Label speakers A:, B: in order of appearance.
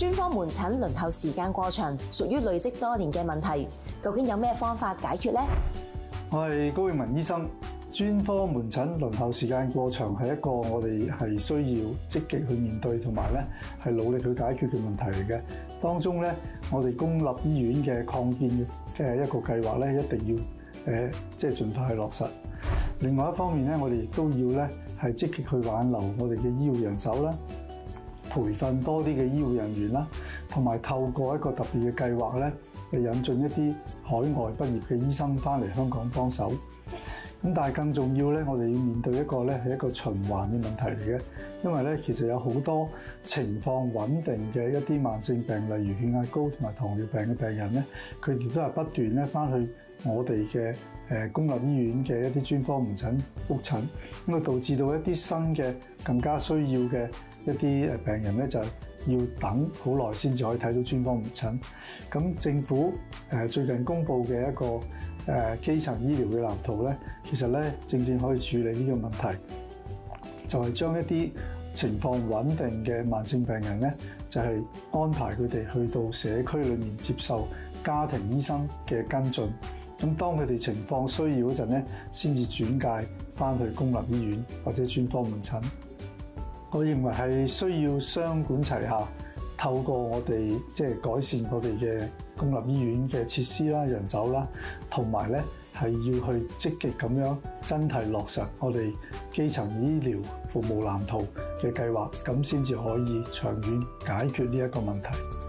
A: 專科門診輪候時間過長，屬於累積多年嘅問題，究竟有咩方法解決咧？
B: 我係高永文醫生，專科門診輪候時間過長係一個我哋係需要積極去面對同埋咧係努力去解決嘅問題嚟嘅。當中咧，我哋公立醫院嘅擴建嘅一個計劃咧，一定要誒即係盡快去落實。另外一方面咧，我哋亦都要咧係積極去挽留我哋嘅醫護人手啦。培訓多啲嘅醫護人員啦，同埋透過一個特別嘅計劃咧，嚟引進一啲海外畢業嘅醫生翻嚟香港幫手。咁但係更重要咧，我哋要面對一個咧係一個循環嘅問題嚟嘅，因為咧其實有好多情況穩定嘅一啲慢性病例，例如血壓高同埋糖尿病嘅病人咧，佢亦都係不斷咧翻去我哋嘅誒公立醫院嘅一啲專科門診覆診，咁啊導致到一啲新嘅更加需要嘅一啲誒病人咧就係要等好耐先至可以睇到專科門診，咁政府誒、呃、最近公布嘅一個誒、呃、基層醫療嘅藍圖咧，其實咧正正可以處理呢個問題，就係、是、將一啲情況穩定嘅慢性病人咧，就係、是、安排佢哋去到社區裏面接受家庭醫生嘅跟進，咁當佢哋情況需要嗰陣咧，先至轉介翻去公立醫院或者專科門診。我認為係需要雙管齊下，透過我哋即係改善我哋嘅公立醫院嘅設施啦、人手啦，同埋咧係要去積極咁樣真係落實我哋基層醫療服務藍圖嘅計劃，咁先至可以長遠解決呢一個問題。